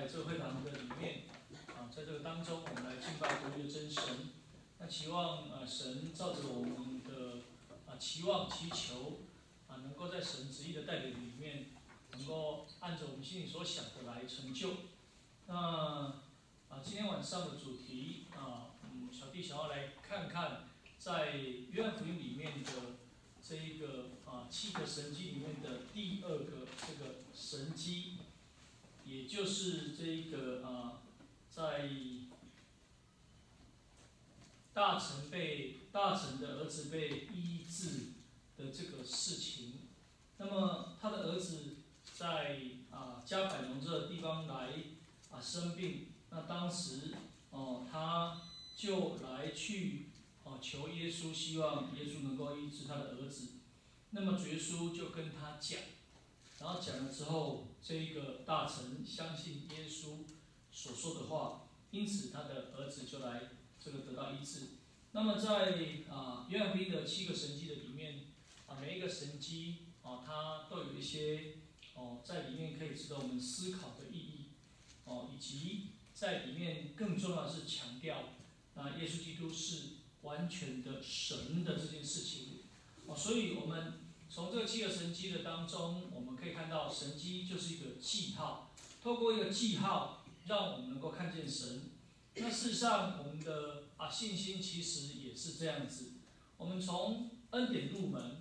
在這個會堂的裡面，啊，在這個當中，我們來敬拜獨一真神。那期望啊，神照着我們的啊期望祈求，啊，能夠在神旨意的帶領裡面，能夠按照我們心裡所想的來成就。那啊，今天晚上的主題啊，小弟想要來看看在約翰福音裡面的這一個啊七個神蹟裡面的第二個這個神蹟。也就是這個啊，在大臣被大臣的兒子被醫治的這個事情，那麼他的兒子在啊迦百農這個地方來啊生病，那當時哦、啊、他就來去哦、啊、求耶穌，希望耶穌能夠醫治他的兒子。那麼耶穌就跟他講，然後講了之後。這個大臣相信耶穌所說的話，因此他的兒子就來這個得到醫治。那麼在啊約翰福音的七個神蹟的裡面，啊每一個神蹟啊它都有一些哦在裡面可以值得我們思考的意義，哦以及在裡面更重要的是強調，那耶穌基督是完全的神的這件事情，哦所以我們。從這個七個神蹟的當中，我們可以看到神蹟就是一個記號，透過一個記號，讓我們能夠看見神。那事實上，我們的啊信心其實也是這樣子。我們從恩典入門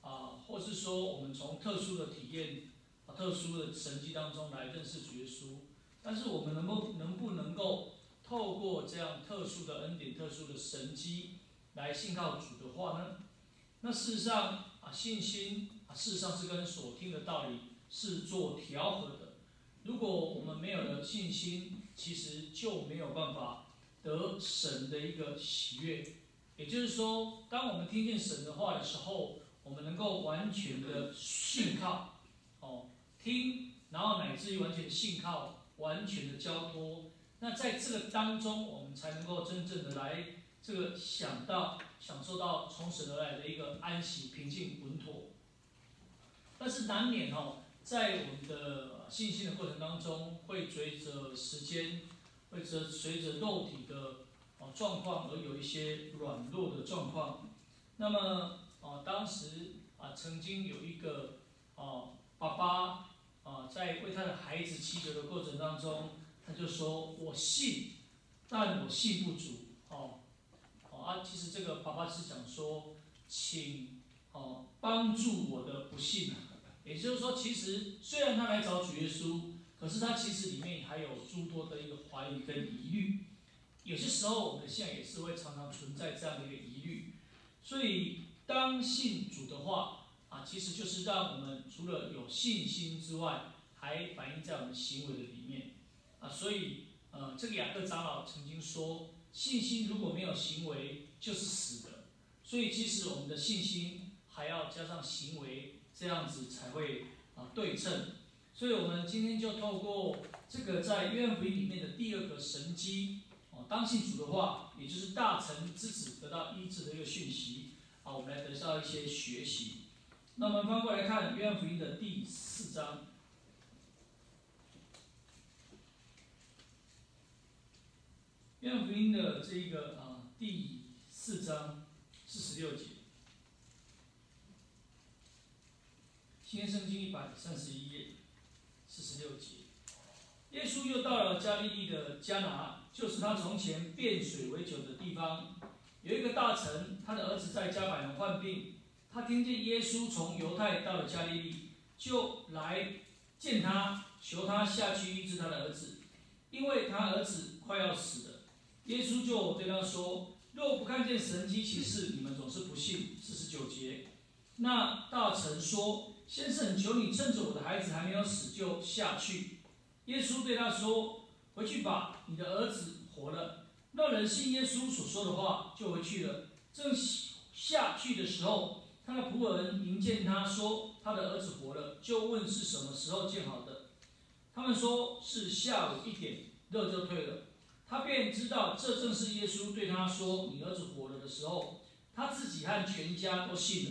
啊，或是說我們從特殊的體驗、啊、特殊的神蹟當中來認識耶穌。但是我們能夠能不能夠透過這樣特殊的恩典、特殊的神蹟來信靠主的話呢？那事實上，啊，信心啊，事實上是跟所聽的道理是做調和的。如果我們沒有了信心，其實就沒有辦法得神的一個喜悅。也就是說，當我們聽見神的話的時候，我們能夠完全的信靠，哦，聽，然後乃至於完全的信靠，完全的交托。那在這個當中，我們才能夠真正的來。這個想到享受到從神而來的一個安息、平靜、穩妥，但是難免哦，在我們的信心的過程當中，會隨着時間，會隨着肉體的狀況而有一些軟弱的狀況。那麼、呃、當時啊、呃，曾經有一個啊、呃、爸爸啊、呃，在為他的孩子祈求的過程當中，他就說：“我信，但我信不足。”啊，其實這個爸爸是想說，請哦幫助我的不信、啊、也就是說，其實雖然他來找主耶穌，可是他其實裡面還有諸多的一個懷疑跟疑慮。有些時候，我們的信仰也是會常常存在這樣的一個疑慮。所以，當信主的話啊，其實就是讓我們除了有信心之外，還反映在我們行為的裡面啊。所以，呃，這個雅各長老曾經說。信心如果沒有行為，就是死的，所以即使我們的信心還要加上行為，這樣子才會啊對稱。所以，我們今天就透過這個在約翰福音裡面的第二個神蹟，當信主的話，也就是大臣之子得到醫治的一個訊息啊，我們來得到一些學習。那我們翻過來看約翰福音的第四章。《約翰福音》的這個啊、嗯、第四章四十六節，《新聖經》一百三十一頁四十六節。耶穌又到了加利利的迦拿，就是他從前變水為酒的地方。有一個大臣，他的兒子在迦百農患病。他聽見耶穌從猶太到了加利利，就來見他，求他下去醫治他的兒子，因為他兒子快要死了。耶穌就對他說：“若不看見神蹟奇事，你們總是不信。”四十九節。那大臣說：“先生，求你趁着我的孩子還沒有死，就下去。”耶穌對他說：“回去吧，你的兒子活了。”那人信耶穌所說的話，就回去了。正下去的時候，他的僕人迎見他說：“他的兒子活了。”就問是什麼時候見好的。他們說是下午一點，熱就退了。他便知道，這正是耶穌對他說：“你兒子活了”的時候。他自己和全家都信了。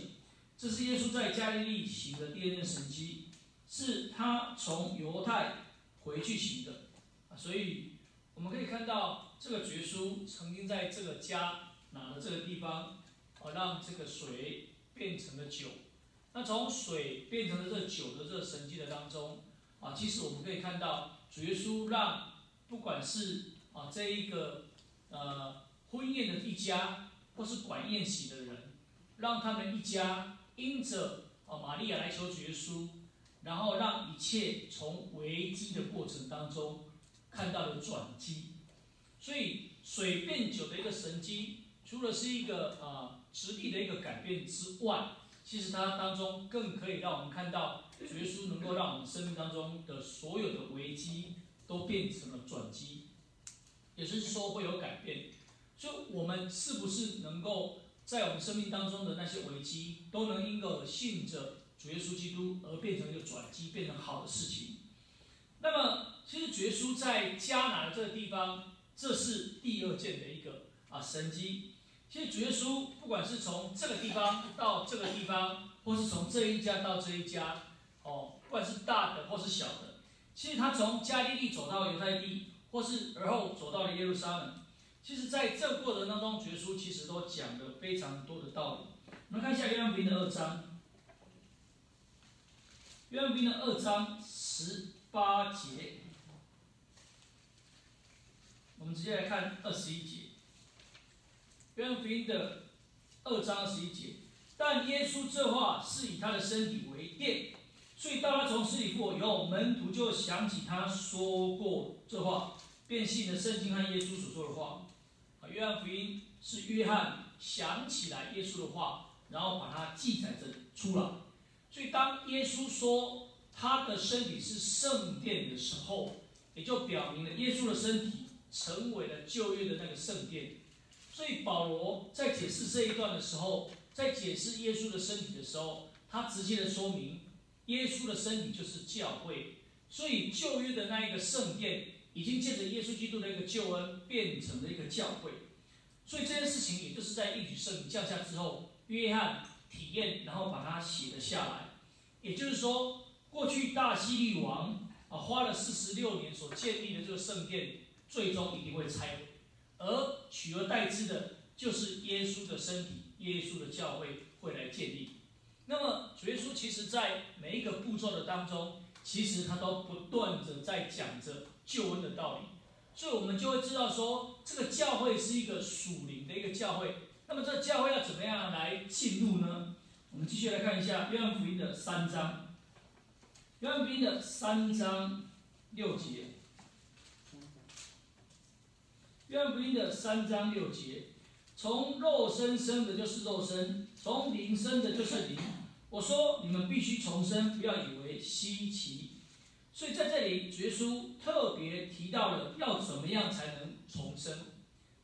這是耶穌在加利利行的第二件神蹟，是他從猶太回去行的。所以我們可以看到，這個主耶穌曾經在這個迦拿的這個地方，啊，讓這個水變成了酒。那從水變成了這個酒的這個神跡的當中，啊，其實我們可以看到，主耶穌讓不管是啊，這一個呃婚宴的一家或是管宴席的人，讓他們一家因着啊瑪利亞來求救主，然後讓一切從危機的過程當中看到了轉機，所以水變酒的一個神蹟，除了是一個啊實、呃、立的一個改變之外，其實它當中更可以讓我們看到救主能夠讓我們生命當中的所有的危機都變成了轉機。也就是說會有改變，就我們是不是能夠在我們生命當中的那些危機，都能因着信着主耶穌基督而變成一個轉機，變成好的事情？那麼，其實主耶穌在迦拿這個地方，這是第二件的一個啊神蹟。其實主耶穌不管是從這個地方到這個地方，或是從這一家到這一家，哦，不管是大的或是小的，其實他從加利利走到猶太地。或是而後走到了耶路撒冷，其實在這過程當中，耶穌其實都講了非常多的道理。我們看一下約翰福音的二章，約翰福音的二章十八節，我們直接來看二十一節，約翰福音的二章二十一節，但耶穌這話是以他的身體為殿，所以當他從死裡復活以後，門徒就想起他說過這話。變性的聖經和耶穌所說的話，啊，約翰福音是約翰想起來耶穌的話，然後把它記載着出來。所以當耶穌說他的身體是聖殿的時候，也就表明了耶穌的身體成為了舊約的那個聖殿。所以保羅在解釋這一段的時候，在解釋耶穌的身體的時候，他直接的說明耶穌的身體就是教會。所以舊約的那一個聖殿。已經借着耶穌基督的一個救恩變成了一個教會，所以這件事情也就是在一聖靈降下之後，約翰體驗，然後把它寫了下來。也就是說，過去大希律王啊花了四十六年所建立的這個聖殿，最終一定會拆毀，而取而代之的就是耶穌的身體、耶穌的教會會來建立。那麼主耶穌其實在每一個步驟的當中，其實他都不斷的在講着。救恩的道理，所以我們就會知道說，這個教會是一個屬靈的一個教會。那麼，這個教會要怎麼樣來進入呢？我們繼續來看一下約翰福音的三章，約翰福音的三章六節，約翰福音的三章六節，從肉身生的，就是肉身；從靈生的，就是靈。我說，你們必須重生，不要以為稀奇。所以在這裡，絕叔特別提到了要怎麼樣才能重生。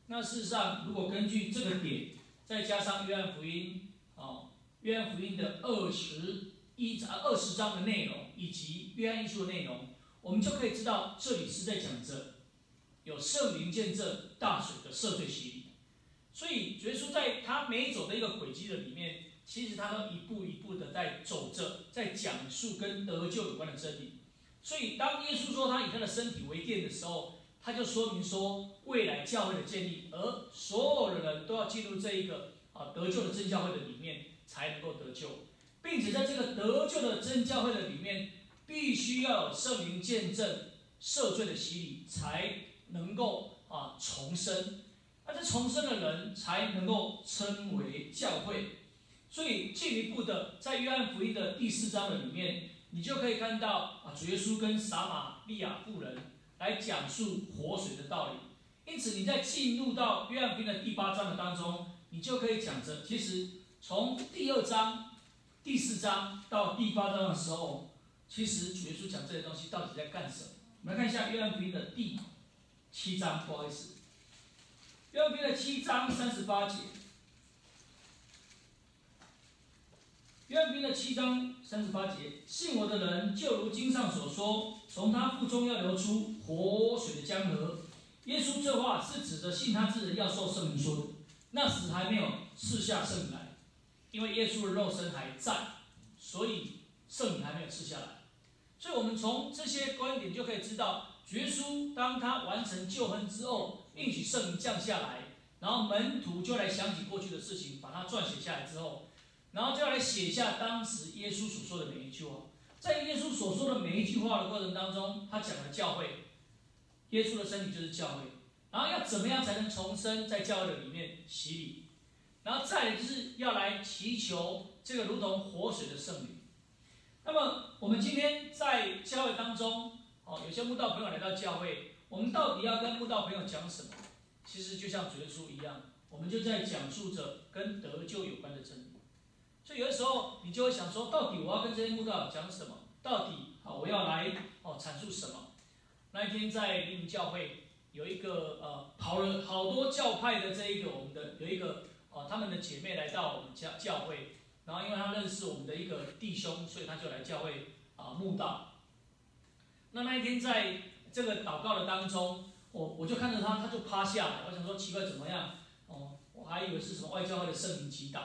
那事實上，如果根據這個點，再加上約翰福音啊、哦，約翰福音的二十一章、二十章的內容，以及約翰一書的內容，我們就可以知道，這裡是在講著有聖靈見證大水的赦罪洗禮。所以絕叔在他每走的一個軌跡的裡面，其實他都一步一步的在走着，在講述跟得救有關的真理。所以，當耶穌說他以他的身體為殿的時候，他就說明說未來教會的建立，而所有的人都要進入這一個啊得救的真教會的裡面才能夠得救，並且在這個得救的真教會的裡面，必須要有聖靈見證、赦罪的洗禮才能夠啊重生，而這重生的人才能夠稱為教會。所以，進一步的，在約翰福音的第四章的裡面。你就可以看到啊，主耶穌跟撒瑪利亞婦人來講述活水的道理。因此，你在進入到約翰福音的第八章的當中，你就可以講着，其實從第二章、第四章到第八章的時候，其實主耶穌講這些東西到底在幹什麼？我們來看一下約翰福音的第七章，不好意思，約翰福音的七章三十八節。約翰福音的七章三十八節，信我的人就如經上所說，從他腹中要流出活水的江河。耶穌這話是指着信他之人要受聖靈說的。那時還沒有賜下聖靈來，因為耶穌的肉身還在，所以聖靈還沒有賜下來。所以，我們從這些觀點就可以知道，耶穌當他完成救恩之後，應許聖靈降下來，然後門徒就來想起過去的事情，把它撰寫下來之後。然後接下來寫下當時耶穌所說的每一句話，在耶穌所說的每一句話的過程當中，他講了教會，耶穌的身體就是教會，然後要怎麼樣才能重生？在教會的裡面洗禮，然後再就是要來祈求這個如同活水的聖靈。那麼我們今天在教會當中，哦，有些慕道朋友來到教會，我們到底要跟慕道朋友講什麼？其實就像主耶穌一樣，我們就在講述着跟得救有關的真理。所以有的時候，你就會想說，到底我要跟這些慕道講什麼？到底啊，我要來哦闡述什麼？那一天在黎明教會有一個呃，跑了好多教派的這一個我們的有一個他們的姐妹來到我們家教會，然後因為她認識我們的一個弟兄，所以他就來教會啊慕道。那那一天在這個禱告的當中，我我就看着他，他就趴下了。我想說奇怪怎麼樣？哦，我還以為是什麼外教會的聖靈祈禱。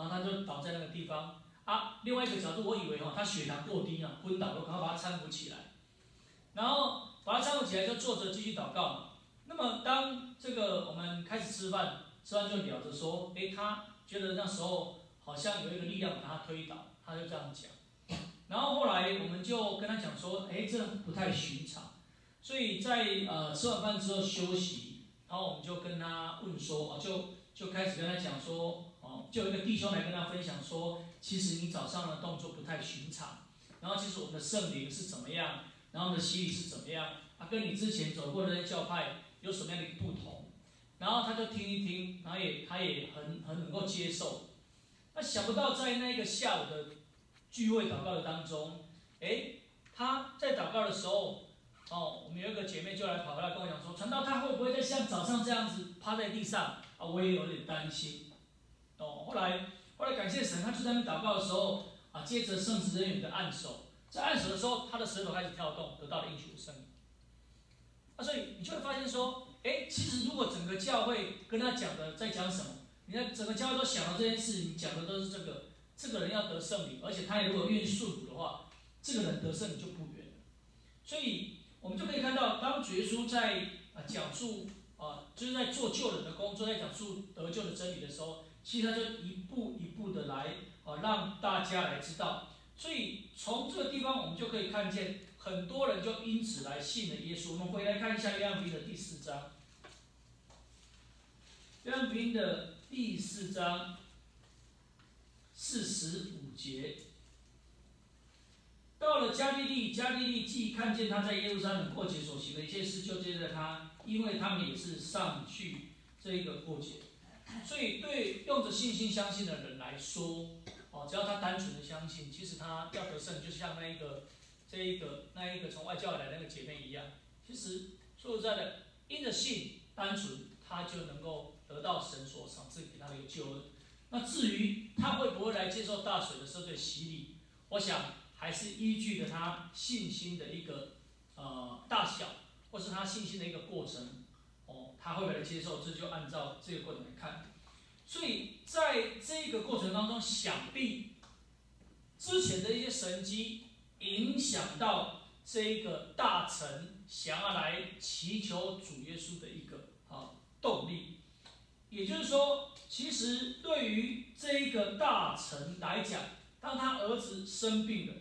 然後他就倒在那個地方啊。另外一個角度，我以為哦、啊，他血糖過低啊，昏倒了，趕快把他攙扶起來。然後把他攙扶起來就坐着繼續禱告。那麼當這個我們開始吃飯，吃完就聊着說，誒，他覺得那時候好像有一個力量把他推倒，他就這樣講。然後後來我們就跟他講說，誒，這不太尋常。所以在呃吃完飯之後休息，然後我們就跟他問說，哦，就就開始跟他講說。就有一個弟兄來跟他分享說，其實你早上的動作不太尋常，然後其實我們的聖靈是怎麼樣，然後我們的洗禮是怎麼樣，啊，跟你之前走過的那些教派有什麼樣的不同？然後他就聽一聽，然後也他也很很，很能夠接受。那想不到在那個下午的聚會禱告的當中，誒，他在禱告的時候，哦，我們有一個姐妹就來跑過來跟我講說，傳道他會不會再像早上這樣子趴在地上？啊，我也有點擔心。後來，後來感謝神，他就在那邊禱告的時候啊，接着聖職人員的按手，在按手的時候，他的舌頭開始跳動，得到了應許的聖靈。那所以你就會發現說，哎，其實如果整個教會跟他講的在講什麼，你看整個教會都想到這件事情，講的都是這個，這個人要得聖靈，而且他如果願意受洗的話，這個人得聖靈就不遠。所以我們就可以看到，當耶穌在啊講述啊，就是在做救人的工作，在講述得救的真理的時候，其實他就一步一步的來，哦、啊，讓大家來知道。所以從這個地方，我們就可以看見很多人就因此來信了耶穌。我們回來看一下約翰福音的第四章，約翰福音的第四章四十五節。到了加利利，利，加利利既看見他在耶路撒冷過節所行的一切事，就接着他，因為他們也是上去這個過節。所以，對用着信心相信的人來說，哦，只要他單純的相信，其實他要得勝，就像那一個、這一個、那一個從外教來的那個姐妹一樣。其實說實在的，因着信單純，他就能夠得到神所賞賜給他的救恩。那至於他會不會來接受大水的赦罪洗禮，我想還是依據着他信心的一個呃大小，或是他信心的一個過程。他會不會來接受？這就按照這個過程來看，所以在這個過程當中，想必之前的一些神蹟影響到這個大臣想要來祈求主耶穌的一個啊動力。也就是說，其實對於這個大臣來講，當他兒子生病了，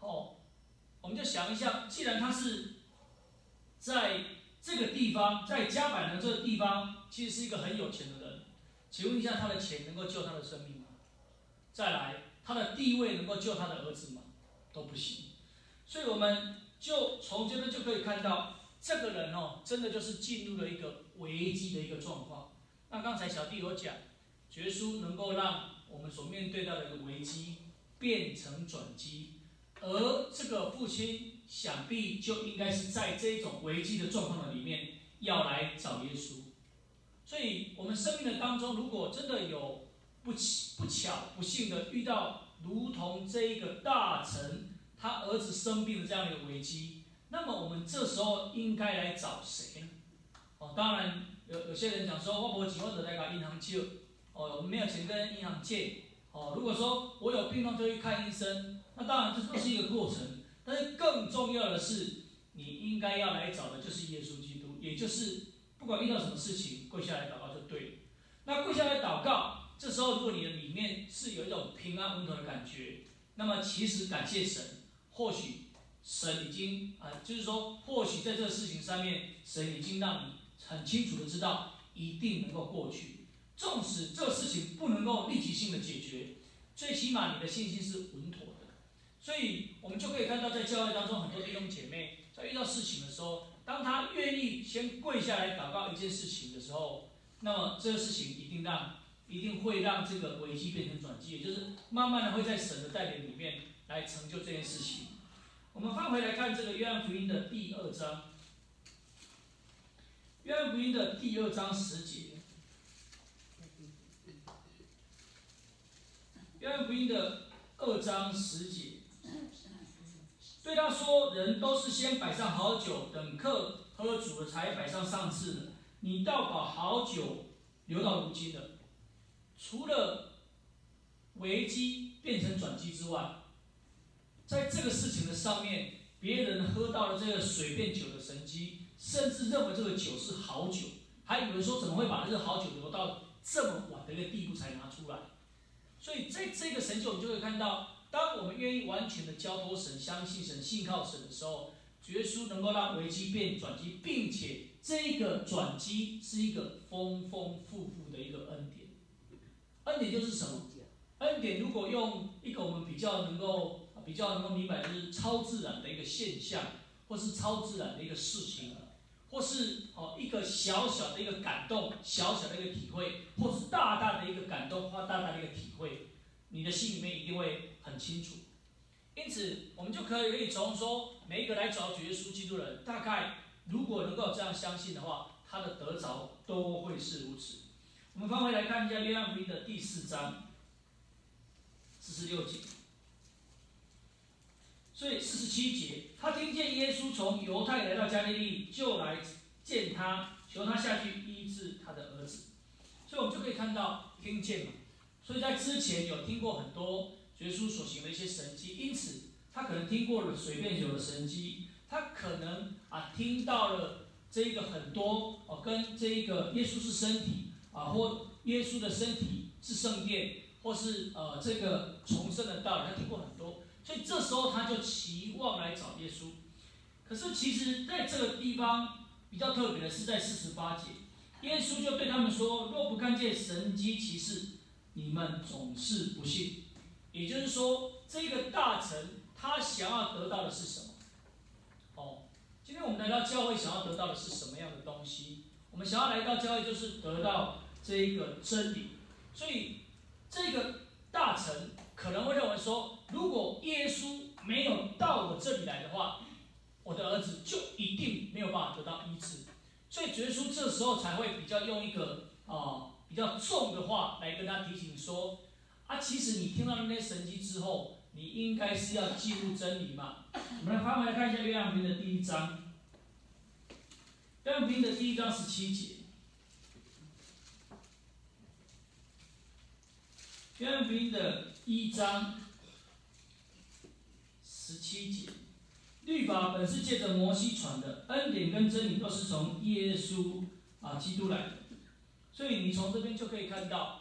哦，我們就想一下，既然他是在。這個地方在迦百農這個地方，其實是一個很有錢的人。請問一下，他的錢能夠救他的生命嗎？再來，他的地位能夠救他的兒子嗎？都不行。所以我們就從這邊就可以看到，這個人哦，真的就是進入了一個危機的一個狀況。那剛才小弟有講，耶穌能夠讓我們所面對到的一個危機變成轉機，而這個父親。想必就應該是在這種危機的狀況的裡面，要來找耶穌。所以，我們生命的當中，如果真的有不不巧、不幸的遇到如同這一個大臣他兒子生病的這樣的一個危機，那麼我們這時候應該來找誰呢？哦，當然有有些人講說，我不會只的着個銀行借哦，我們沒有錢跟銀行借哦。如果說我有病痛就去看醫生，那當然這是是一個過程，但是更。重要的是，你應該要來找的就是耶穌基督，也就是不管遇到什麼事情，跪下來禱告就對了。那跪下來禱告，這時候如果你的裡面是有一種平安穩妥的感覺，那麼其實感謝神，或許神已經啊，就是說，或許在這個事情上面，神已經讓你很清楚的知道，一定能夠過去。縱使這個事情不能夠立即性的解決，最起碼你的信心是穩妥。所以，我們就可以看到，在教會當中，很多弟兄姐妹在遇到事情的時候，當他願意先跪下來禱告一件事情的時候，那麼這個事情一定讓，一定會讓這個危機變成轉機，也就是慢慢的會在神的帶領裡面來成就這件事情。我們翻回來看這個約翰福音的第二章，約翰福音的第二章十節，約翰福音的二章十節。所以他說，人都是先擺上好酒，等客喝足了才擺上上次的。你倒把好酒留到如今的。除了危機變成轉機之外，在這個事情的上面，別人喝到了這個水變酒的神蹟，甚至認為這個酒是好酒，還以為說，怎麼會把這個好酒留到這麼晚的一個地步才拿出來。所以在這個神蹟，我們就會看到。當我們願意完全的交托神，相信神，信靠神的時候，絕書能夠讓危機變轉機，並且這個轉機是一個豐豐富富的一個恩典、嗯。恩典就是什麼？恩典如果用一個我們比較能夠比較能夠明白，就是超自然的一個現象，或是超自然的一個事情，或是哦一個小小的一個感動，小小的一個體會，或是大大的一個感動或大大的一個體會，你的心裡面一定會。很清楚，因此我們就可以可以從說每一個來找主耶穌基督的人，大概如果能夠這樣相信的話，他的得着都會是如此。我們翻回來看一下約翰福音的第四章四十六節，所以四十七節，他聽見耶穌從猶太來到加利利，就來見他，求他下去醫治他的兒子。所以，我們就可以看到聽見了。所以在之前有聽過很多，耶穌所行的一些神蹟，因此他可能聽過了水變酒的神蹟，他可能啊聽到了這一個很多哦，跟這一個耶穌是身體啊，或耶穌的身體是聖殿，或是呃這個重生的道理，他聽過很多，所以這時候他就期望來找耶穌。可是其實，在這個地方比較特別的是在四十八節，耶穌就對他們說：“若不看見神蹟奇事，你們總是不信。”也就是說，這個大臣他想要得到的是什麼？哦，今天我們來到教會想要得到的是什麼樣的東西？我們想要來到教會就是得到這一個真理。所以，這個大臣可能會認為說，如果耶穌沒有到我這裡來的話，我的兒子就一定沒有辦法得到醫治。所以，耶穌這時候才會比較用一個啊、哦、比較重的話來跟他提醒說。啊，其實你聽到那些神蹟之後，你應該是要記錄真理嘛。 我們來翻回來看一下《約翰福音》的第一章，《約翰福音》的第一章十七節，《約翰福音》的一章十七節，律法本是借着摩西傳的，恩典跟真理都是從耶穌啊基督來的，所以你從這邊就可以看到，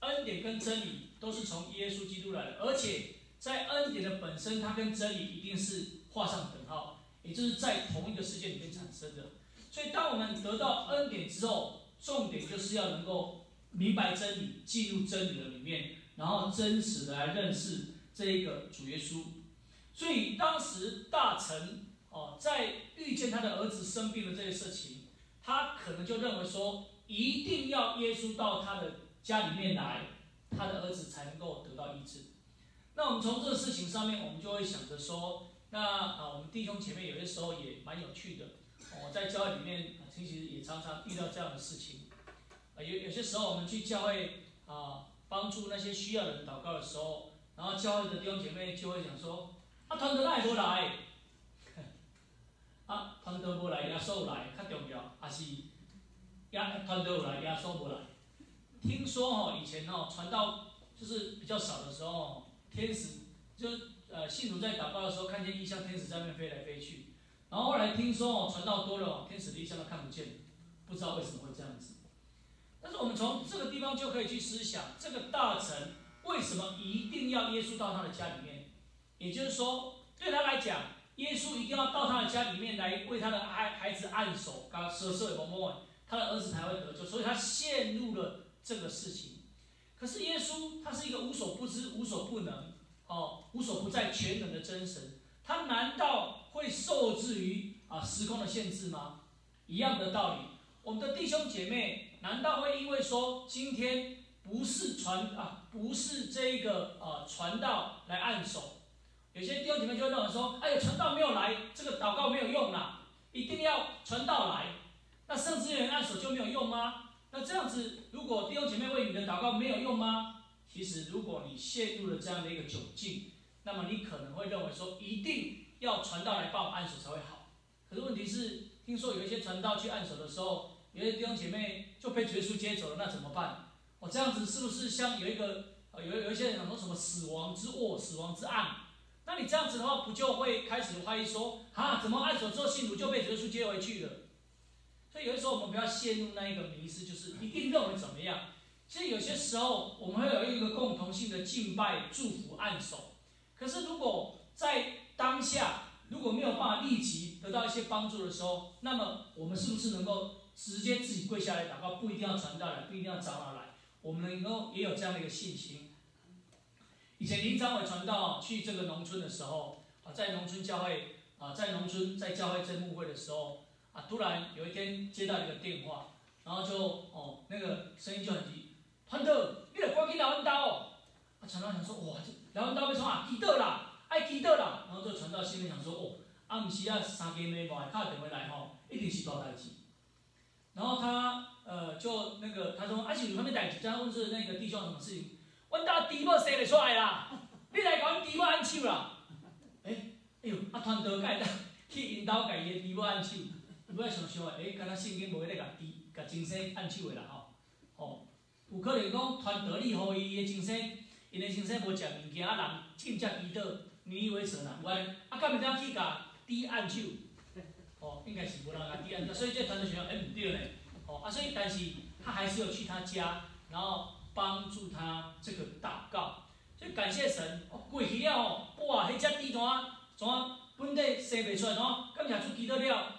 恩典跟真理。都是從耶穌基督來的，而且在恩典的本身，它跟真理一定是畫上等號，也就是在同一個世界裡面產生的。所以，當我們得到恩典之後，重點就是要能夠明白真理，進入真理的裡面，然後真實的來認識這一個主耶穌。所以，當時大臣哦，在遇見他的兒子生病的這些事情，他可能就認為說，一定要耶穌到他的家裡面來。他的兒子才能夠得到醫治。那我們從這個事情上面，我們就會想着說，那啊，我們弟兄姐妹有些時候也蠻有趣的。我、哦、在教會裡面，其實也常常遇到這樣的事情。啊、有有些時候我們去教會啊，幫助那些需要的人禱告的時候，然後教會的弟兄姐妹就會想說：“啊，傳道來不來，啊，傳道不來，耶穌來較重要，阿西，也傳道有來，耶穌無來，來”聽說哦，以前哦，傳道就是比較少的時候，哦，天使就呃信徒在禱告的時候，看見異象，天使在那邊飛來飛去。然後後來聽說哦，傳道多了，天使的異象都看不見，不知道為什麼會這樣子。但是我們從這個地方就可以去思想，這個大臣為什麼一定要耶穌到他的家裡面？也就是說，對他來講，耶穌一定要到他的家裡面來為他的孩孩子按手，剛設設一某某，他的兒子才會得救。所以他陷入了。這個事情，可是耶穌他是一個無所不知、無所不能、哦無所不在、全能的真神，他難道會受制於啊時空的限制嗎？一樣的道理，我們的弟兄姐妹難道會因為說今天不是傳啊不是這一個呃、啊、傳道來按手，有些弟兄姐妹就會認為說，哎呀傳道沒有來，這個禱告沒有用了，一定要傳道來，那聖職人員按手就沒有用嗎？那這樣子。我弟兄姐妹為你的禱告沒有用嗎？其實，如果你陷入了這樣的一個窘境，那麼你可能會認為說，一定要傳道來幫我按手才會好。可是問題是，聽說有一些傳道去按手的時候，有些弟兄姐妹就被耶穌接走了，那怎麼辦？我、哦、這樣子是不是像有一個有有一些人說什麼死亡之握、死亡之暗。那你這樣子的話，不就會開始懷疑說，啊，怎麼按手之後信徒就被耶穌接回去了？所以，有的時候我們不要陷入那一個迷失，就是一定認為怎麼樣。其實，有些時候我們會有一個共同性的敬拜、祝福、按手。可是，如果在當下如果沒有辦法立即得到一些幫助的時候，那麼我們是不是能夠直接自己跪下來禱告？不一定要傳道來，不一定要長老來，我們能夠也有這樣的一個信心。以前林長偉傳道去這個農村的時候，啊，在農村教會啊，在農村在教會正牧會的時候。啊、突然有一天接到一個電話，然後就哦，那個聲音就很急，傳道，你來趕緊來我們家哦。啊，傳道想說，哇，這來我們家要啊祈禱啦，愛祈禱啦。然後就傳道心裡想說，哦，暗時啊三更半夜打個電話來吼、哦，一定是大代志。然後他呃就那個他說啊，是有什麼代志？然後問是那個弟兄什麼事情？我到豬婆生了出來啦， 你來搞我豬婆按手啦？誒、欸，哎呦，啊傳道改到去我們家家爺豬婆按手。主要想想誒，誒，感覺聖經無咧甲豬甲精神按手誒啦吼，吼，有可能講傳道理互伊誒精神，因誒精神無食物件，啊男盡則祈你以為神人，啊，啊干物仔去甲豬按手，吼，應該是無人甲豬按手，所以這傳的信誒毋對咧，吼，啊，所以但是他還是要去他家，然後幫助他這個禱告，所以感謝神，哦，過去了吼，哦，哇，迄隻豬怎怎本地生袂出，怎感謝主祈禱了。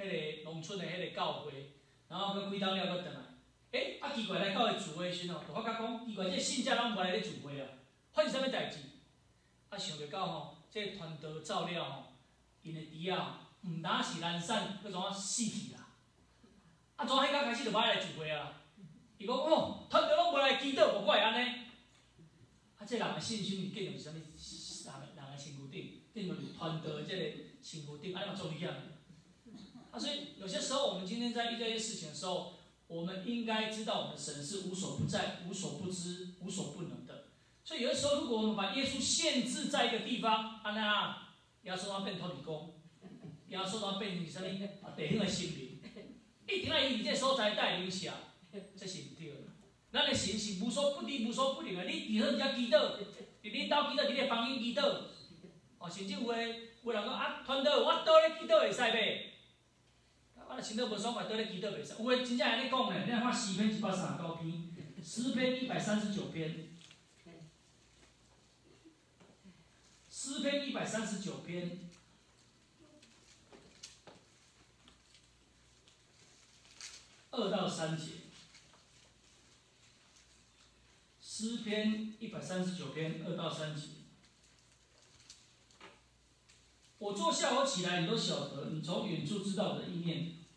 迄個農村的迄個教會，然後佮幾燈了佮轉來，誒、欸，啊奇怪，來到會聚會時吼，就發覺講，奇怪這個，這信者攏無來咧聚會啊！發生甚物代志？啊，想着到吼、喔，這團隊走了吼，因的弟啊，毋單是懶散，佮怎啊死去啦？啊，怎迄個開始就無愛來聚會啊？伊講哦，團隊攏無來祈禱，無怪會安尼。啊，這個、人的信心是建立是甚物？人人的身軀頂，建立是團隊，即個身軀頂。啊，你嘛做咩樣？啊，所以有些時候，我們今天在遇到一些事情的時候，我們應該知道我們的神是無所不在、無所不知、無所不能的。所以，有的時候，如果我們把耶穌限制在一個地方、啊，安那耶穌到變土地公，耶穌到變成甚物？啊，得用個心靈，一定要伊你這所在帶留下，這是毋的。咱個神是無所不知、無所不能個，你佇迄隻祈禱，佇恁兜祈禱，佇你房間祈禱，哦，甚至有個有人講啊，團隊我倒來祈禱會使袂？啊、我穿得不爽，我倒咧記得袂爽。有誒，真正來在講咧，你看詩篇一百三十九篇，詩篇一百三十九篇，詩 篇一百三十九篇二到三節，詩篇一百三十九篇二到三節。我坐下，我起來，你都曉得。你從遠處知道我的意念。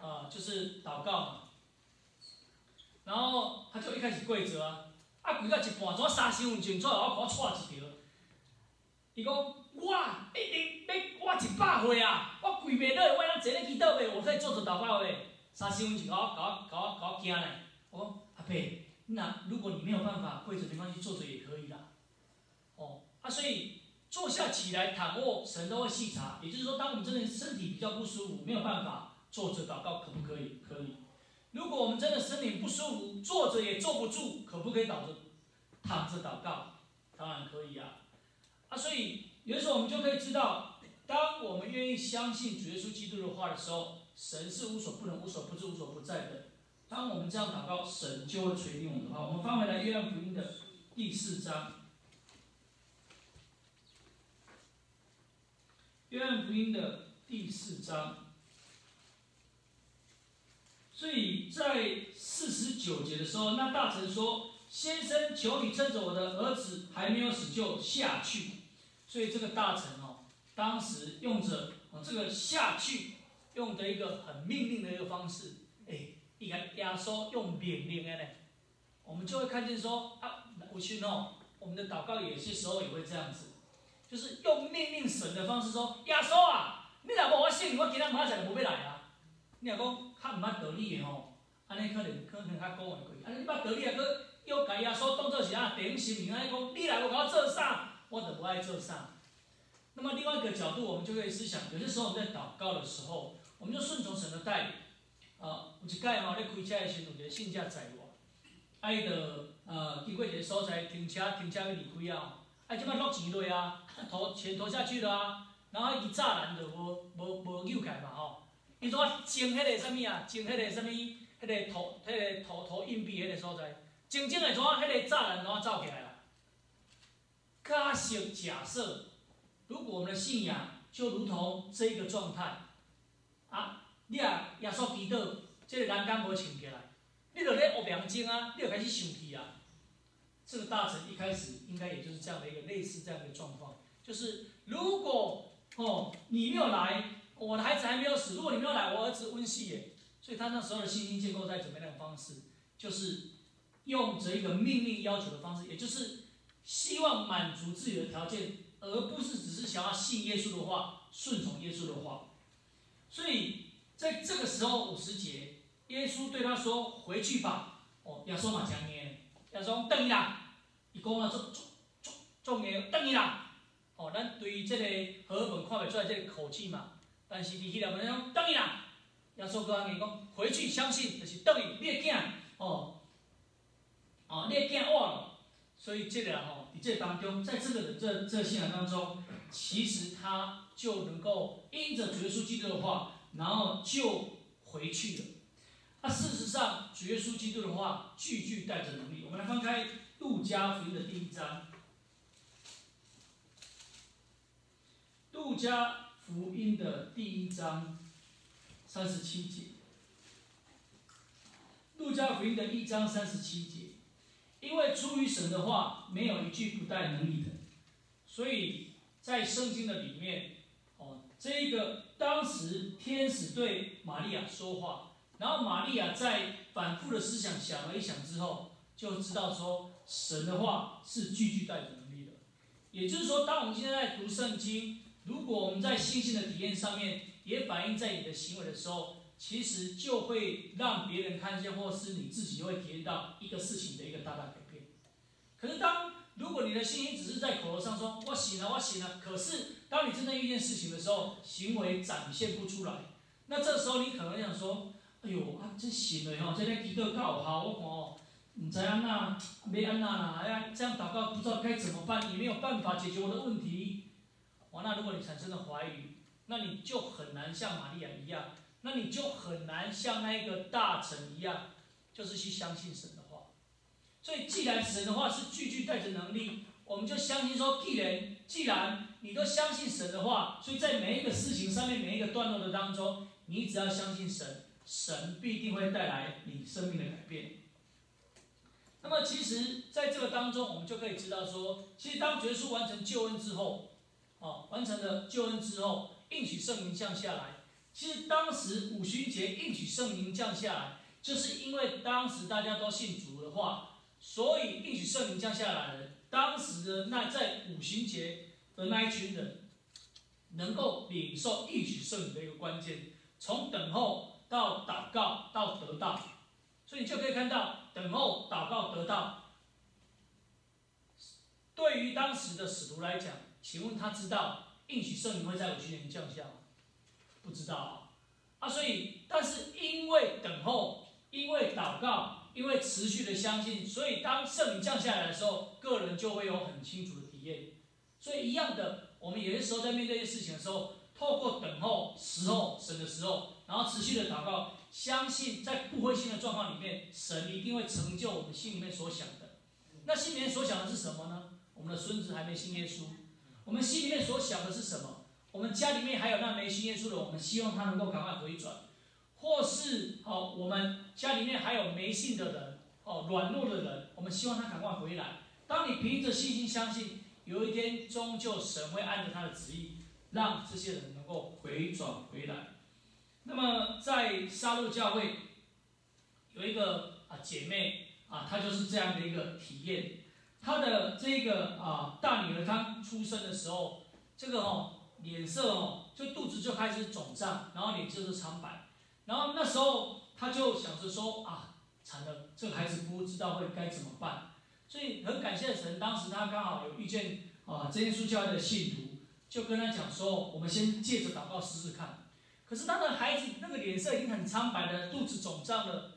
啊，就是禱告，然後他就一開始跪着啊，啊跪到一半，拄三十分鐘，最後我給我踹一腳。伊講我你你你，我一百歲啊！我跪袂了。我今坐了祈禱袂，我可以坐着禱告袂。三十分鐘給、啊、給我我給我給我驚嘞！我說阿伯，那、啊、如果你沒有辦法跪着，沒關係，坐着也可以啦。哦，啊，所以坐下起來，躺臥神都會細察，也就是說，當我們真的身體比較不舒服，沒有辦法。坐着禱告可不可以？可以。如果我們真的身體不舒服，坐着也坐不住，可不可以倒着、躺着禱告？當然可以啊。啊，所以有的時候我們就可以知道，當我們願意相信主耶穌基督的話的時候，神是無所不能、無所不知、無所不在的。當我們這樣禱告，神就會垂聽我們的話。我們翻回來《約翰福音》的第四章，《約翰福音》的第四章。所以在四十九節的時候，那大臣說：“先生，求你趁着我的兒子還沒有死，就下去。”所以這個大臣哦，當時用着哦這個下去，用的一個很命令的一個方式，哎，你看耶穌用命令，呢，我們就會看見說啊，不去哦，我們的禱告有些時候也會這樣子，就是用命令神的方式說：“耶穌啊，你若不我信，我今天晚上就不必來啊。”你若講。較唔捌道理嘅吼，安尼可能可能較講唔安尼你捌道理啊？佫約家啊，所當做是啊，點心，用安尼講，你來要甲我做啥，我著不愛做啥。那麼另外一個角度，我們就可以思想，有些時候我們在禱告的時候，我們就順從神的帶領。啊、呃，有一幾日嘛，開車嘅時候，有一個信駕載我，啊，伊呃經過一個所在停車，停車要離開啊，啊，即擺落錢落啊，投錢投下去了啊，然後伊個柵欄就無無無扭起嘛吼。伊怎啊，從迄個什麼啊，從迄個什麼，迄、那個土，迄、那個土，土，土硬幣迄個所在，正正的怎啊，迄、那個扎人，怎啊造起來啦？假設假設，如果我們的信仰就如同這一個狀態啊，你亞述祈禱，這個欄杆無撐起來，你就咧惡良心啊，你就開始生氣啊。這個大臣一開始應該也就是這樣的一個類似這樣的狀況，就是如果哦，你沒有來。我的孩子還沒有死。如果你沒有來，我兒子瘟西耶。所以他那時候的信心建構在怎麼樣的方式，就是用這個命令要求的方式，也就是希望滿足自己的條件，而不是只是想要信耶穌的話，順從耶穌的話。所以在這個時候五十節，耶穌對他說：“回去吧。說”哦，亞縮馬強耶，亞縮等伊啦，伊講話做做做耶等一啦。哦，咱對於這個和合本看不出來這個口氣嘛。但是,你不是，弟兄們，你講，等伊啦。要到說哥安尼講，回去相信，就是等伊。你個囝，哦，哦，你個囝活了。所以，這個吼，你這當中，在這個人這個人這個、信仰當中，其實他就能夠因着主耶穌基督的話，然後就回去了。那、啊、事實上，主耶穌基督的話句句帶着能力。我們來翻開《路加福音》的第一章，《路加》。福音的第一章三十七節，路加福音的一章三十七節，因為出於神的話沒有一句不帶能力的，所以在聖經的裡面，哦，這個當時天使對瑪利亞說話，然後瑪利亞在反覆的思想想了一想之後，就知道說神的話是句句帶着能力的。也就是說，當我們現在讀聖經，如果我們在信心的體驗上面，也反映在你的行為的時候，其實就會讓別人看見，或是你自己會體驗到一個事情的一個大大改變。可是當，當如果你的信心只是在口頭上說“我信了，我信了”，可是當你真正遇見事情的時候，行為展現不出來，那這時候你可能會想說：“哎呦啊，這信的吼，這禱告夠好，我看哦，你在安娜，沒安娜，呢，呀，這樣禱告不知道該怎麼辦，也沒有辦法解決我的問題。”哇，那如果你產生了懷疑，那你就很難像瑪利亞一樣，那你就很難像那一個大臣一樣，就是去相信神的話。所以，既然神的話是句句帶着能力，我們就相信說，既然既然你都相信神的話，所以在每一個事情上面，每一個段落的當中，你只要相信神，神必定會帶來你生命的改變。那麼，其實在這個當中，我們就可以知道說，其實當耶穌完成救恩之後。哦，完成了救恩之後，應許聖靈降下來。其實當時五旬節應許聖靈降下來，就是因為當時大家都信主的話，所以應許聖靈降下來了。當時的那在五旬節的那一群人，能夠領受應許聖靈的一個關鍵，從等候到禱告到得到，所以你就可以看到等候、禱告、得到，對於當時的使徒來講。請問他知道應許聖靈會在五十年降下嗎？不知道啊。啊，所以但是因為等候，因為禱告，因為持續的相信，所以當聖靈降下來的時候，個人就會有很清楚的體驗。所以一樣的，我們有些時候在面對一些事情的時候，透過等候時候神的時候，然後持續的禱告，相信在不灰心的狀況裡面，神一定會成就我們心裡面所想的。那心裡面所想的是什麼呢？我們的孫子還沒信耶穌。我們心裡面所想的是什麼？我們家裡面還有那沒信耶穌的，我們希望他能夠趕快回轉，或是好、哦，我們家裡面還有沒信的人，哦，軟弱的人，我們希望他趕快回來。當你憑着信心相信，有一天終究神會按著他的旨意，讓這些人能夠回轉回來。那麼在沙鹿教會有一個啊姐妹啊，她就是這樣的一個體驗。他的這個啊大女兒，她出生的時候，這個哦，臉色哦，就肚子就開始腫脹，然後臉色就蒼白，然後那時候他就想着說啊，慘了，這個孩子不，不知道會該怎麼辦，所以很感謝神，當時他剛好有遇見啊真耶穌教會的信徒，就跟他講說，我們先借着禱告試試看，可是他的孩子那個臉色已經很蒼白了，肚子腫脹了。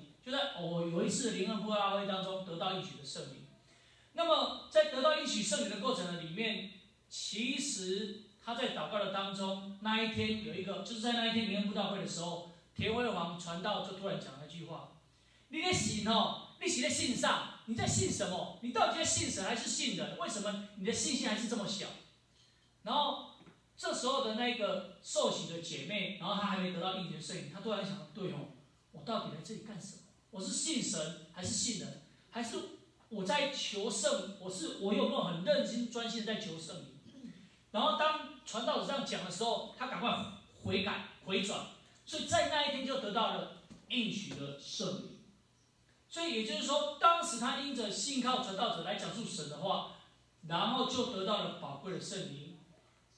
就在我、哦、有一次靈恩佈道會當中得到應許的勝利。那麼在得到應許勝利的過程的裡面，其實他在禱告的當中，那一天有一個，就是在那一天靈恩佈道會的時候，田輝王傳道就突然講了一句話：“你的信哦，你信在信上，你在信什麼？你到底在信神還是信人？為什麼你的信心還是這麼小？”然後這時候的那個受洗的姐妹，然後她還沒得到應許的勝利，她突然想：“對哦，我到底來這裡幹什麼？”我是信神還是信人，還是我在求聖？我是我有沒有很認真專心在求聖靈？然後當傳道者這樣講的時候，他趕快悔改回轉，所以在那一天就得到了應許的聖靈。所以也就是說，當時他因着信靠傳道者來講述神的話，然後就得到了寶貴的聖靈。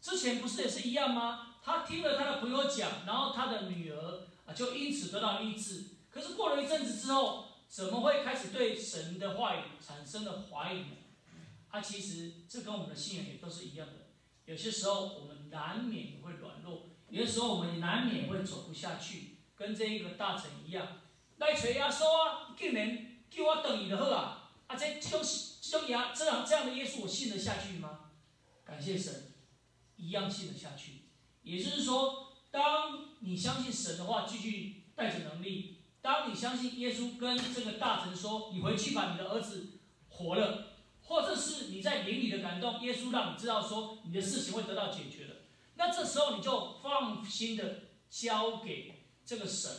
之前不是也是一樣嗎？他聽了他的朋友講，然後他的女兒啊就因此得到醫治。可是過了一陣子之後，怎麼會開始對神的話語產生了懷疑呢？啊，其實這跟我們的信仰也都是一樣的。有些時候我們難免會軟弱，有些時候我們難免會走不下去，跟這一個大臣一樣。來垂呀？說：“啊，竟然叫我等你的好啊！啊，這這種、這種、這樣、這樣的耶穌，我信得下去嗎？”感謝神，一樣信得下去。也就是說，當你相信神的話，繼續帶着能力。當你相信耶穌，跟這個大臣說：“你回去把你的兒子活了。”或者是你在靈裡的感動，耶穌讓你知道說你的事情會得到解決的。那這時候你就放心的交給這個神。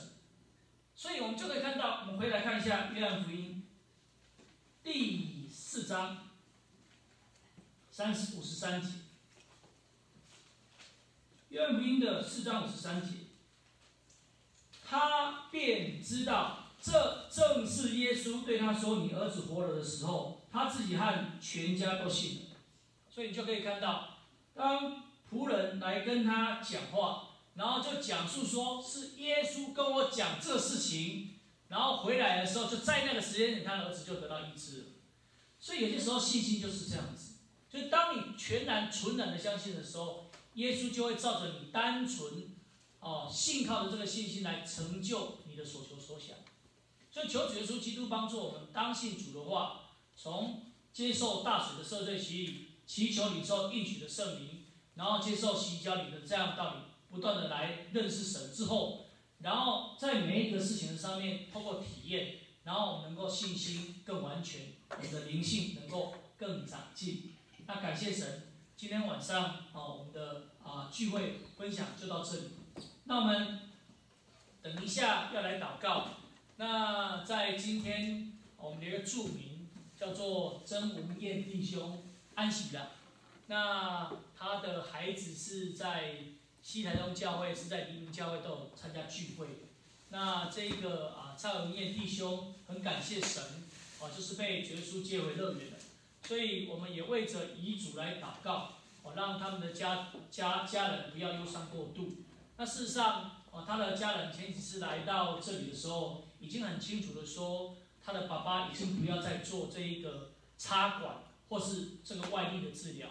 所以我們就可以看到，我們回來看一下約翰福音第四章三十五十三節。約翰福音的四章五十三節。他便知道，這正是耶穌對他說“你兒子活了”的時候，他自己和全家都信了。所以你就可以看到，當僕人來跟他講話，然後就講述說是耶穌跟我講這事情，然後回來的時候，就在那個時間點，他的兒子就得到醫治了。所以有些時候信心就是這樣子，就當你全然純然的相信的時候，耶穌就會照着你單純。哦，信靠着這個信心來成就你的所求所想，所以求主耶穌基督幫助我們。當信主的話，從接受大水的赦罪洗禮，祈求領受應許的聖靈，然後接受洗腳禮的這樣道理，不斷的來認識神之後，然後在每一個事情的上面透過體驗，然後我們能夠信心更完全，我們的靈性能夠更長進。那感謝神，今天晚上啊，我們的啊聚會分享就到這裡。那我們等一下要來禱告。那在今天我們的一個著名，叫做真文彥弟兄安息了。那他的孩子是在西台東教會，是在黎明教會都有參加聚會。那這個啊，蔡文彥弟兄很感謝神啊、哦，就是被耶穌接回樂園了。所以我們也為着遺囑來禱告，哦，讓他們的家家家人不要憂傷過度。那事實上，他的家人前幾次來到這裡的時候，已經很清楚的說，他的爸爸已經不要再做這一個插管或是這個外力的治療。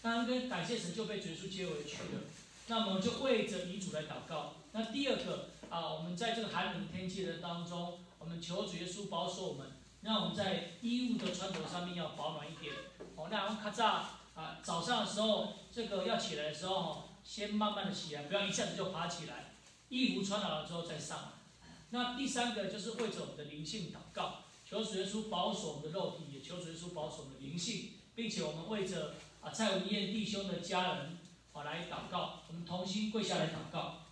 當然，跟感謝神就被耶穌接回去了。那我們就為着遺囑來禱告。那第二個啊，我們在這個寒冷的天氣的當中，我們求主耶穌保守我們，讓我們在衣物的穿着上面要保暖一點。哦，那我們卡扎啊，早上的時候這個要起來的時候。先慢慢的起來，不要一下子就爬起來。衣服穿好了之後再上來。那第三個就是為着我們的靈性禱告，求主耶穌保守我們的肉體，也求主耶穌保守我們的靈性，並且我們為着啊蔡文艷弟兄的家人我來禱告，我們同心跪下來禱告。